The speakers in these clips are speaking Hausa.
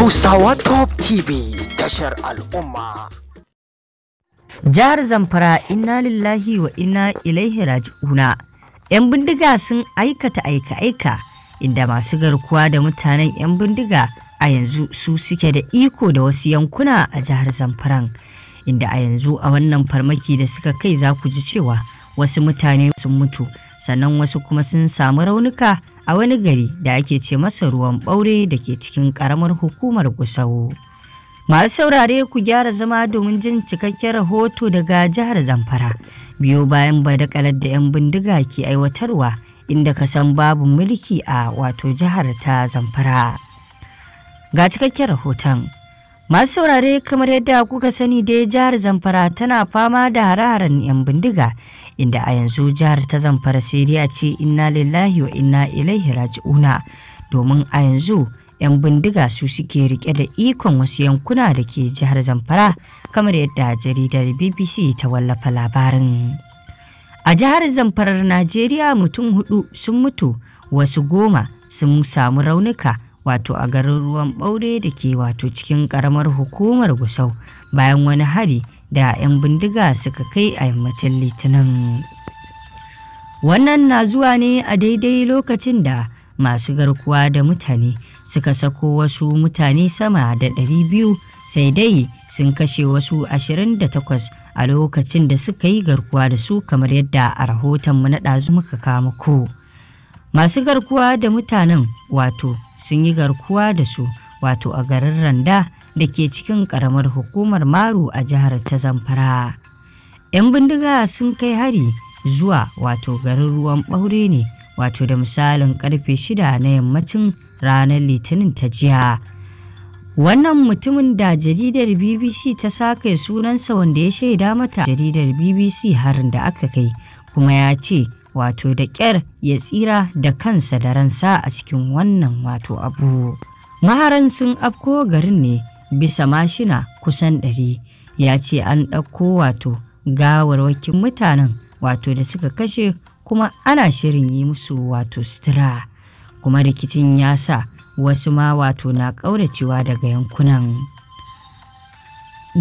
Hausawa Top TV tashar al'umma. Jihar Zamfara inna lillahi wa inna ilaihi raji'una. 'Yan bindiga sun aikata aika-aika inda masu garkuwa da mutanen 'yan bindiga a yanzu su suke da iko da wasu yankuna a jihar Zamfaran. Inda a yanzu a wannan farmaki da suka kai za ku ji cewa wasu mutane sun mutu sannan wasu kuma sun samu raunuka a wani gari da ake ce masa ruwan ɓaure da ke cikin ƙaramar hukumar Gusau. Masu saurare ku gyara zama domin jin cikakken rahoto daga jihar Zamfara biyo bayan badakalar da 'yan bindiga ke aiwatarwa inda ka san babu mulki a wato jihar ta Zamfara. Ga cikakken rahoton. Masu saurare kamar yadda kuka sani dai jihar Zamfara tana fama da hare-haren 'yan bindiga inda a yanzu jihar ta zamfara siriya ce inna lillahi wa inna ilaihi raji'una domin a yanzu 'yan bindiga su suke rike da ikon wasu yankuna da ke jihar zamfara kamar yadda jaridar bbc ta wallafa labarin a jihar zamfarar najeriya mutum hudu sun mutu wasu goma sun samu raunuka wato a garin ruwan ɓaure da ke wato cikin ƙaramar hukumar gusau bayan wani hari da 'yan bindiga suka kai a yammacin litinin wannan na zuwa ne a daidai lokacin da masu garkuwa da mutane suka sako wasu mutane sama da ɗari biyu, sai dai sun kashe wasu ashirin da takwas a lokacin da suka yi garkuwa da su kamar yadda a rahotonmu na ɗazu muka kama ko masu garkuwa da mutanen wato sun yi garkuwa da su wato a garin randa da ke cikin ƙaramar hukumar Maru a jihar ta Zamfara. 'Yan bindiga sun kai hari zuwa wato garin ruwan ɓaure ne wato da misalin karfe shida na yammacin ranar litinin ta jiya. Wannan mutumin da jaridar BBC ta sake sunansa wanda ya shaida mata jaridar BBC harin da aka kai kuma ya ce wato da ƙyar ya tsira da kansa da ransa a cikin wannan wato abu. Maharan sun afko garin ne bisa mashina kusan ɗari ya ce an ɗauko wato gawarwakin mutanen wato da suka kashe kuma ana shirin yi musu wato sutura kuma rikicin ya sa wasu ma wato na ƙauracewa daga yankunan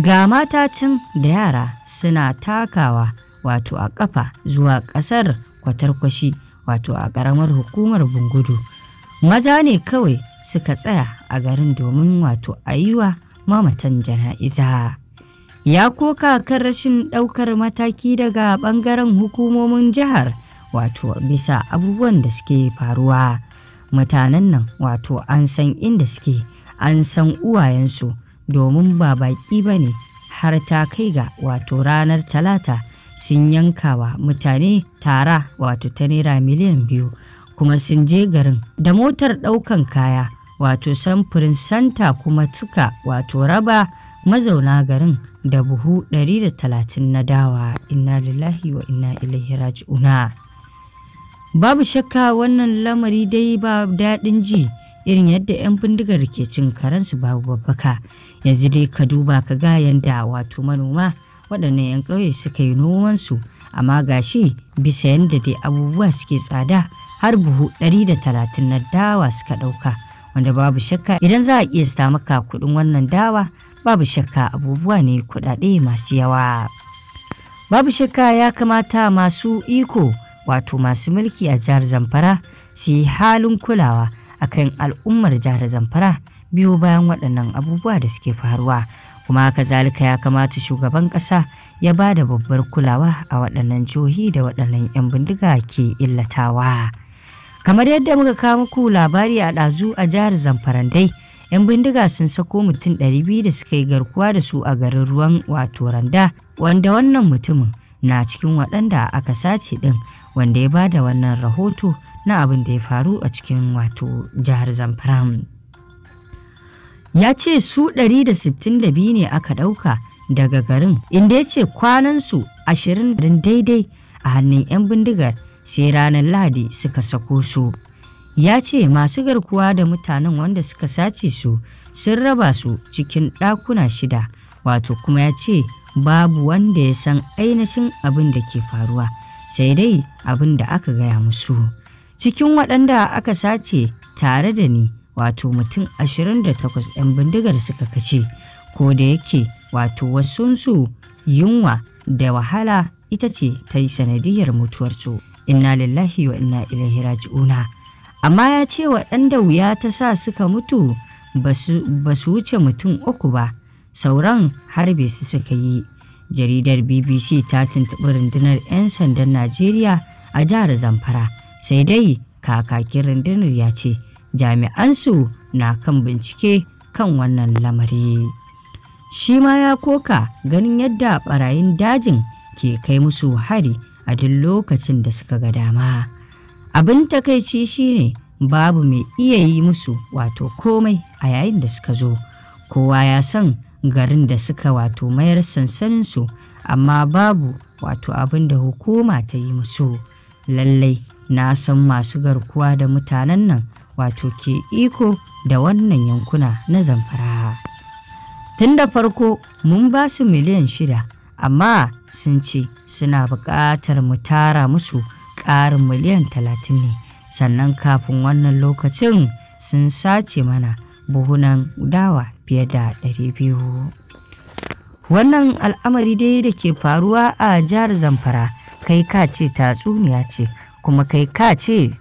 ga mata can da yara suna takawa wato a ƙafa zuwa ƙasar kwatarkwashi wato a ƙaramar hukumar bungudu maza ne kawai suka tsaya a garin domin wato a yi mamatan jana'iza. Ya koka kan rashin ɗaukar mataki daga ɓangaren hukumomin jihar wato bisa abubuwan da suke faruwa. Mutanen nan wato an san inda suke, an san uwayensu domin ba baƙi ba ne har ta kai ga wato ranar talata sun yanka wa mutane tara wato ta naira miliyan biyu kuma sun je garin da motar ɗaukan kaya. wato samfurin santa kuma suka wato raba mazauna garin da buhu 130 na dawa inna lillahi wa inna ilaihi raji'una babu shakka wannan lamari dai ba daɗin ji irin yadda 'yan bindigar ke cin karensu babu babbaka yanzu dai ka duba ka ga yanda wato manoma waɗannan 'yan ƙauye suka yi nomansu amma gashi bisa yadda dai abubuwa suke tsada har buhu 130 na dawa suka ɗauka. wanda babu shakka idan za a iya samu maka kuɗin wannan dawa babu shakka abubuwa ne kuɗaɗe masu yawa. Babu shakka ya kamata masu iko wato masu mulki a jihar Zamfara su yi halin kulawa akan al'ummar jihar Zamfara biyu bayan waɗannan abubuwa da suke faruwa kuma kazalika ya kamata shugaban ƙasa ya ba da babbar kulawa a waɗannan jihohi da waɗannan 'yan bindiga ke illatawa. kamar yadda muka kawo muku labari a ɗazu a jihar zamfarandai yan bindiga sun sako mutum 200 da suka yi garkuwa da su a garin ruwan wato randa wanda wannan mutumin na cikin waɗanda aka sace ɗin wanda ya bada wannan rahoto na abin da ya faru a cikin wato jihar zamfara ya ce su 162 ne aka ɗauka daga garin inda ya ce kwanansu 20 daidai a hannun 'yan bindigar sai ranar Lahadi suka sako su. Ya ce masu garkuwa da mutanen wanda suka sace su sun raba su cikin ɗakuna shida, wato kuma ya ce babu wanda ya san ainihin abin da ke faruwa, sai dai abin da aka gaya musu. Cikin waɗanda aka sace tare da ni, wato mutum ashirin da 28 'yan bindigar suka kace, ko da yake wato wasunsu yunwa da wahala ita ce ta yi sanadiyar mutuwarsu. inna lillahi wa inna ilaihi raji'una amma ya ce waɗanda wuya ta sa suka mutu ba su wuce mutum uku ba sauran harbe su suka yi jaridar bbc ta tuntuɓi rundunar 'yan sandan najeriya a jihar zamfara sai dai kakakin rundunar ya ce jami'ansu na kan bincike kan wannan lamari shi ma ya koka ganin yadda barayin dajin ke kai musu hari a duk lokacin da suka ga dama. Abin takaici shine babu mai iya yi musu wato komai a yayin da suka zo. Kowa ya san garin da suka wato mayar sansaninsu amma babu wato abin da hukuma ta yi musu. Lallai na san masu garkuwa da mutanen nan wato ke iko da wannan yankuna na zamfara. Tun da farko mun ba su miliyan shida, amma sun ce suna buƙatar mu tara musu ƙarin miliyan talatin ne sannan kafin wannan lokacin sun sace mana buhunan dawa fiye da ɗari biyu. wannan al'amari dai da ke faruwa a jihar zamfara kai ka ce tatsuniya ce kuma kai ka ce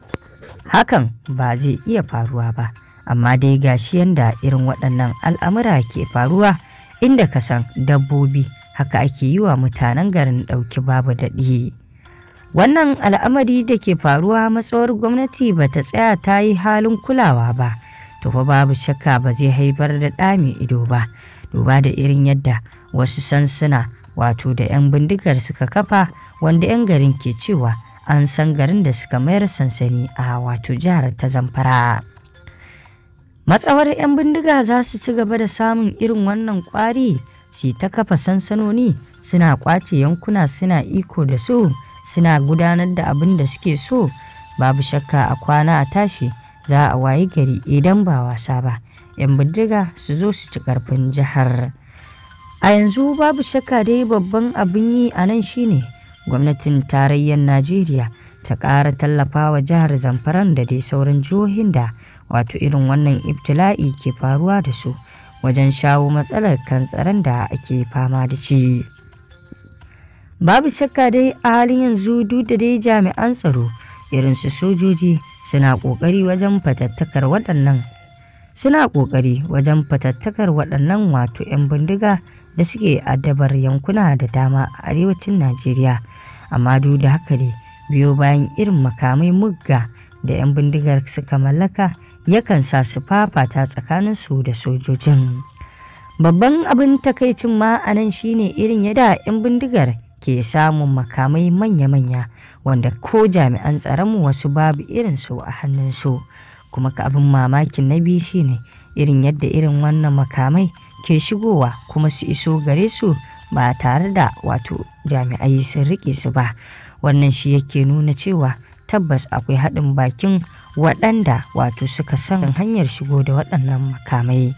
hakan ba zai iya faruwa ba amma dai gashi yadda irin waɗannan al'amura ke faruwa inda ka san dabbobi haka ake yi wa mutanen garin ɗauki babu daɗi. Wannan al'amari da ke faruwa matsawar gwamnati ba ta tsaya ta yi halin kulawa ba, to fa babu shakka ba zai haifar da ɗa mai ido ba, duba da irin yadda wasu sansuna wato da 'yan bindigar suka kafa wanda 'yan garin ke cewa an san garin da suka mayar sansani a wato jihar ta zamfara. Matsawar 'yan bindiga za su ci gaba da samun irin wannan kwari? shi ta kafa sansanoni suna kwace yankuna suna iko da su suna gudanar da abin da suke so babu shakka a kwana a tashi za a wayi gari idan ba wasa ba 'yan bindiga su zo su ci karfin jihar a yanzu babu shakka dai babban abin yi a nan shine gwamnatin tarayyar najeriya ta ƙara tallafa wa jihar zamfaran da dai sauran jihohin da wato irin wannan ibtila'i ke faruwa da su wajen shawo matsalar kan tsaron da ake fama da shi. Babu shakka dai a halin yanzu duk da dai jami'an tsaro irin su sojoji suna ƙoƙari wajen fatattakar waɗannan suna ƙoƙari wajen fatattakar waɗannan wato 'yan bindiga da suke addabar yankuna da dama a arewacin Najeriya amma duk da haka dai biyo bayan irin makamai mugga da 'yan bindigar suka mallaka yakan sa su fafata tsakanin su da sojojin. Babban abin takaicin ma a nan shine irin yadda 'yan bindigar ke samun makamai manya-manya wanda ko jami'an tsaronmu wasu babu irin su a hannunsu. Kuma ka abin mamakin na biyu shine irin yadda irin wannan makamai ke shigowa kuma su iso gare su ba tare da wato jami'ai sun riƙe su ba. Wannan shi yake nuna cewa tabbas akwai haɗin bakin waɗanda wato suka san hanyar shigo da waɗannan makamai.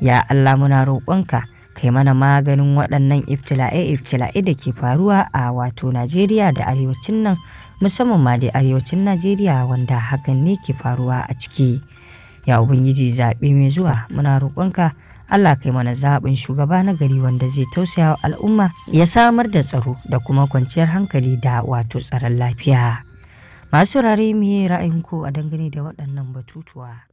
Ya Allah muna roƙonka kai mana maganin waɗannan iftilae iftila'i da ke faruwa a wato Najeriya da arewacin nan musamman ma da arewacin Najeriya wanda hakan ne ke faruwa a ciki. Ya Ubangiji zaɓe mai zuwa muna roƙonka Allah kai mana zaɓin shugaba na gari wanda zai tausaya wa al'umma ya samar da tsaro da kuma kwanciyar hankali da wato tsaron lafiya. Masu saurare ra'ayin ra'ayinku a dangane da waɗannan batutuwa?